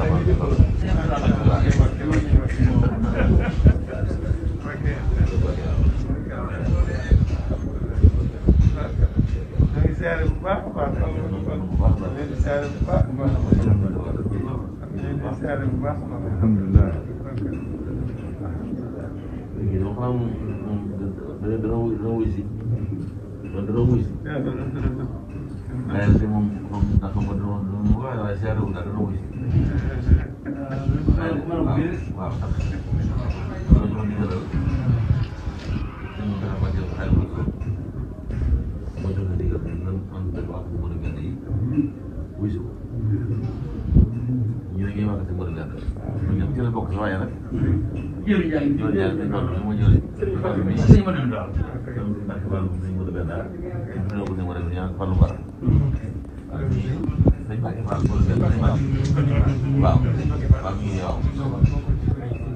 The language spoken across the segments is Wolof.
alhamdulilah. léegi dama xam moom dana dana wuy si dana wuy si. waaye moom moom waaye waaye seetlu wu dara doo waaw waaye nag. jërëjëf jaay jërëjëf jaay loolu mooy jërëjëf. sëñ Ba Deme daal. loolu mooy ndax wàllu sëñ Ba Deme daal. ñu ne ko sëñ Ba Deme ñu naan Fallou Mbara. dañ bàyyi waaw waaw waaw ñu ngi waaw. waaw moom mooy wàññi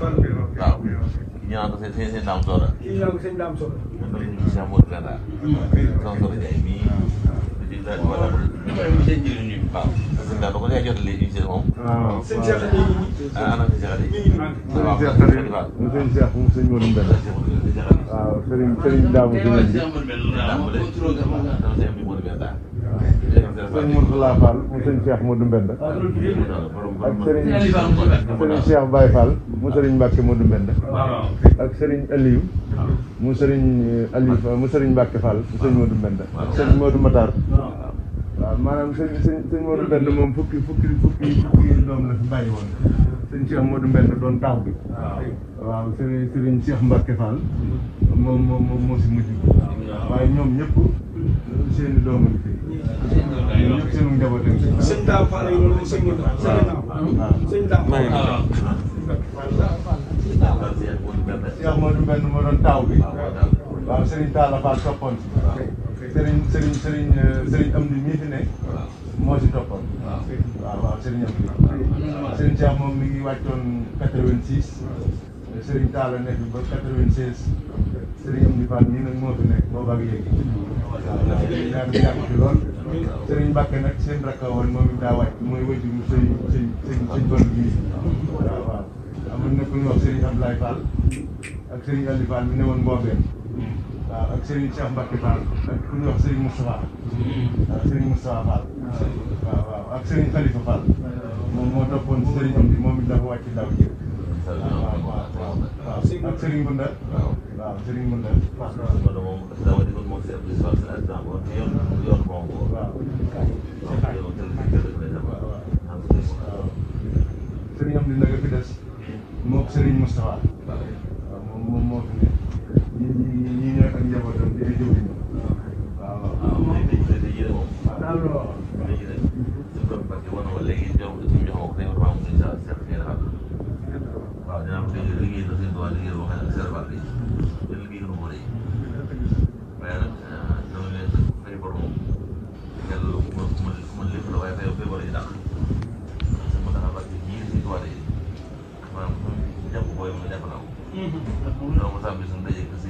waaw waaw ñaan ko seen seen daam soora waaw sëñ daal ba ko dee jot li ñu ci moom. waaw sëñ Cheikh ñu ngi. ah ana sëñ Cheikh waaw sëñ Cheikh moom sëñ Cheikh moom sëñ Modou Mbène. waaw Serigne Serigne Daamu Serigne bi. Daamu de dama see am Modou Mbène daal. sëñ Mourtala Fall mu sëñ Cheikh Modou Mbène. ak Serigne Serigne Cheikh Baye Fall mu Serigne Mbacke Modou Mbène. ak Serigne Aliou. mu Serigne Aliou mu Serigne Mbacke Fall mu sëñ Modou Mbène. ak Serigne Modou Matar. waaw maanaam sëñ sëñ sëñ Modou Mbend moom fukki fukki fukki fukki doom la fi bàyyi woon sëñ Cheikh Modou doon taaw bi waaw sëriñ sëriñ Cheikh Mbacke Fall moom moom moom moo si mujj waaye ñoom ñëpp seen i doom sëriñ sëriñ sëriñ euh, sëriñ am di ñii fi ne moo si toppoon waaw waaw sëriñ am di sëriñ Cheikh moom mi ngi wàccoon quatre-vingt-six sëriñ Talla nekk ba quatre-vingt-seize sëriñ am di Fall ñii nag moo fi nekk booba ak léegi waaw ñaan yàgg fi lool sëriñ Mbacke nag seen rakka woon moom it daa wàcc mooy wajuru sëñ sëñ sëñ sëñ bon bii waaw waaw amoon na ku ñuy wax ak sëriñ Aliou mi ne woon mboobeen waaw ak Serigne Cheikh Mbacke Fall ak ku ñuy wax Serigne Moustapha waaw Serigne Moustapha Fall waaw waaw ak Serigne Khalifa Fall moom moo toppoon Serigne am bi moom it dafa wàcc daaw jëkk waaw waaw waaw ak Serigne Bunda waaw Serigne Bunda waaw Serigne am di nag a fi des mook Serigne Moustapha njabootam dina jëw waaw waaw waaw léegi jox ko dañu war a am sa certificat waaw dina am liggéey na seen doole liggéey boo xam ne serval bi benn liggéey nga mën a yi waaye nag ñooñu leen fay bor moom ngel ku mën ku mën lépp la waaye fay fay bor yi dàq sa mën a parce que ñii si doole yi maanaam jàpp booy mu jàpp na ko donc saa bi suñu dajee si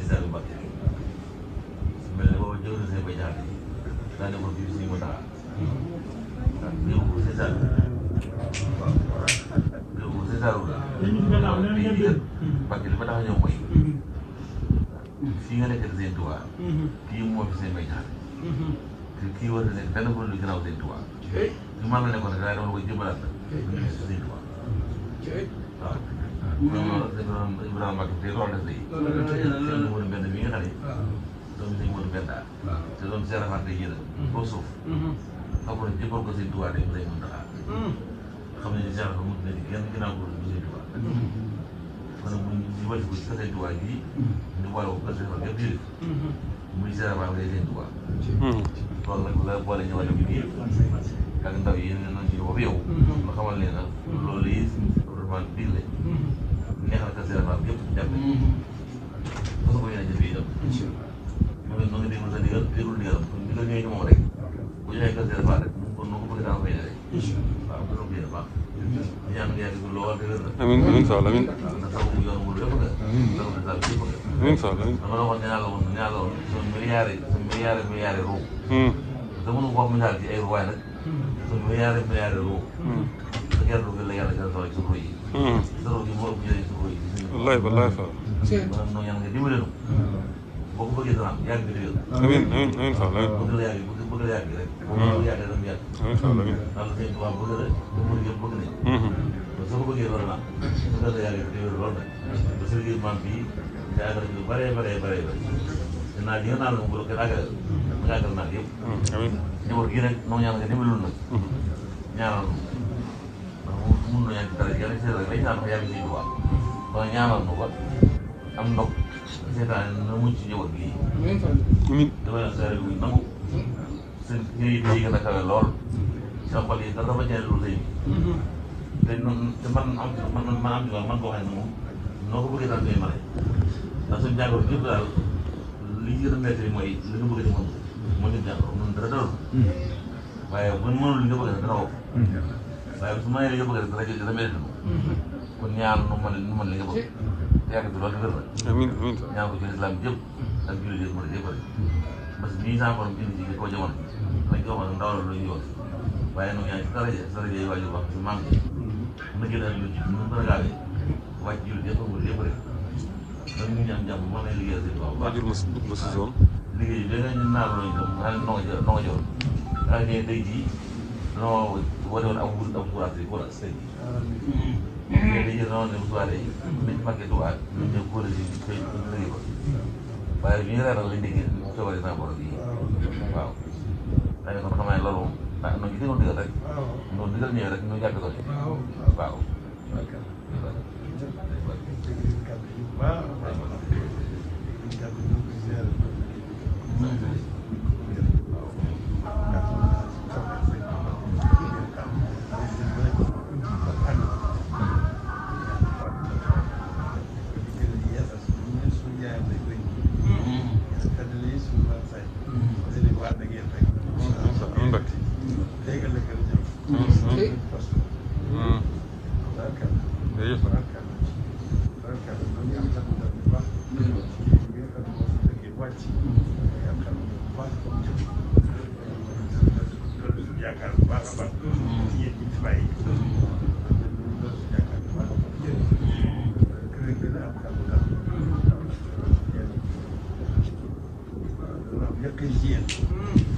jadi dan yang lebih sini muda dan beliau berusaha jalan beliau berusaha jalan di dia pakai lima tahun yang baik sehingga dia kerja yang tua dia mau bisa yang baik jadi kii war na nekk benn kuréel yu gannaaw seen tubaab su ma la nekkoon rek daa doon ko jëmbalaat nag si seen tubaab waaw mm-hmm. loolu Ibrahima Mbacke tey loolu la tey seen numéro benn bi nga ne doon sëñ Modou Benda te doon Cheikh Rafat day yëral kaw suuf xapo na jëppal ko sëñ Touba day mu sëñ Mountakha xam ne Cheikh Rafat mut nai kenn ginnaaw ko bu sëñ Touba mm-hmm. kon nag mu ñu wàllu ko ci sëñ Touba gii ñu mm-hmm. boole ko sëñ Touba yëpp jëlee muy Cheikh Rafat day sëñ Touba loolu mm-hmm. nag la boole ñu wàllu bi nii ak ndaw yi yéen noonu ci wax yow nga xamal leen nag loolu yi vraiment biir la neexal ka Cheikh Rafat yëpp jàpp parce que ko yéen a jëfee itam mu ngi bëgg a déglu sa ndigal déglu ndigalam kon ndigal ñooy ñu moom rek bu ñu fekkee seen faat rek kon nu ko bëgg daan fay rek waaw bu doon baax di ñaan nga yàgg fi lool te wér na amiin amiin soxla amiin ndax sabu bu yoon wul yëpp nga sabu ne sabu yëpp nga amiin soxla amiin dama la waxoon ñaa la woon ñaa la woon suñ milliards yi suñ milliards yi milliards yi ruu dama hmm. nu ko wax misaal ci ay ruwaay nag suñ milliards yi milliards yi ruu sa kenn du la yàlla seen soxla ci ruu yi sa ruu yi hmm. moo ëpp njëriñ ci ruu yi wallaay wallaay soxla ñaan nga dimbali nu boo ko bëggee dana am yàgg bi dëggal. amiin amiin amiin Fall amiin bëgg la yàgg bëgg bëgg la yàgg rek. boo yàggee dana yàgg. amiin Fall amiin daal sëñ Tuubaa bëgg rek te murid yëpp bëgg nañ. kon soo ko bëggee loolu naan su ko la yàggee te wér loolu nag. ba sa liggéey maam bii te àggal ñu bëree bëree bëree bëri te naaj yi nga naan la mu bëgg a àggal mu ngi àggal naaj yëpp. amiin njaboot gi nag moom ñaan nga dimbalul nag. ñaanal ndax mun na ñaan dara yàlla si rek lay ñaan ko yàgg sëñ Tuubaa kon ñaanal ko ba am ndox seetaan na muñ ci njaboot gi. amiin dafay saa yu nangu. seen njëriñ bi gën a kawe lool. seen xol yi dara ba jaay loolu lay. te man am ci man man am ci man man koo xam ne ko bëggee daal day mare. ndax suñu li noonu dara dalul. waaye bu ñu mënul li nga bëgg a dara woo. waaye su ma yee li nga bëgg a dara jël dara mel mm-hmm. kon ñaar nu mën nu mën li nga bëgg. yàgg bi loolu la. amiin amiin ñaan ko ci lislaam yëpp ak jullit yëpp mën a jëppale. parce que nii saa borom bind ci koo ko waxoon ndaw la lu ñu yoon. waaye nag yaa wax ci maam yi. a lu ci mën a gaawee wàcc jullit yëpp mën a jëppale. donc ñu ma si zone. liggéey bi dangay ñu naan loo ñu dem xale nongo jox nongo jox xale ngeen day ji noo woote woon am wut léegi yéen a dem soirée yi nañ màggee tubaab ñu dem collège yi koy liggéey ko waaye bi ñu reeral lañ déggee coobare sama borom yi waaw da nga kon xam ne loolu ah noonu gisee woon digal rek noonu digal ñëwee rek ñu jàpp ko waaw jërëjëf Thank you.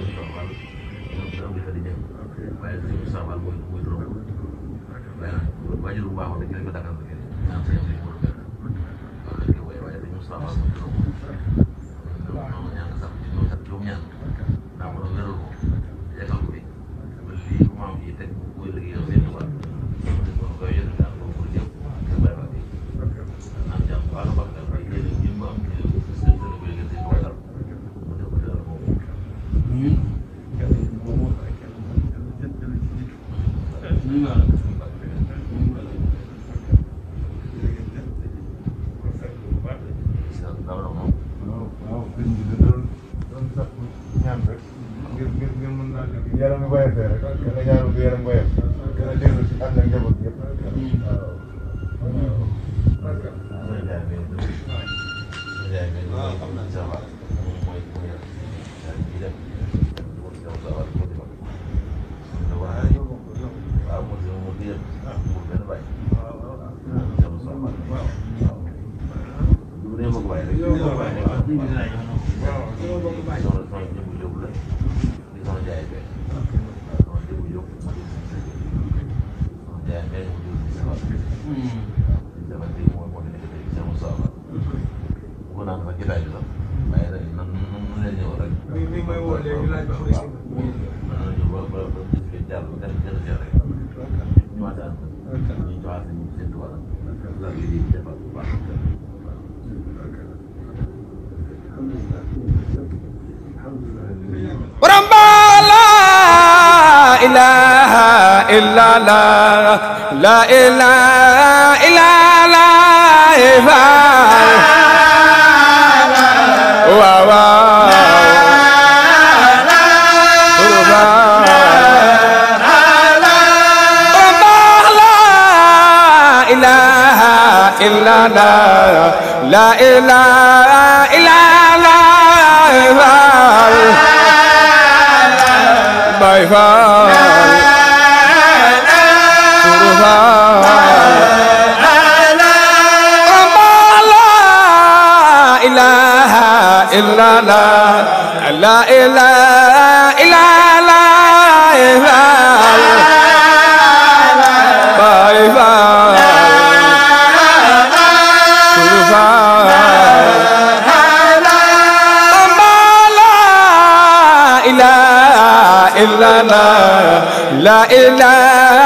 suñu saxaal moom si am di xëy na waaye suñu saxaal mooy mooy loolu waaye nag waajur bu baaxoon dañ ko dakkal ba kenn gën a ñaanal ko yaram ngoyam gën a dellu si ànd ak njaboot yëpp waaw waaye nag nan nan nan la ñu ñëw rek. إلا لا لا إله إلا لا واو واو إلا لا لا إله إلا لا باي باي إلا لا لا إله إلا لا إله لا إله إلا لا لا إله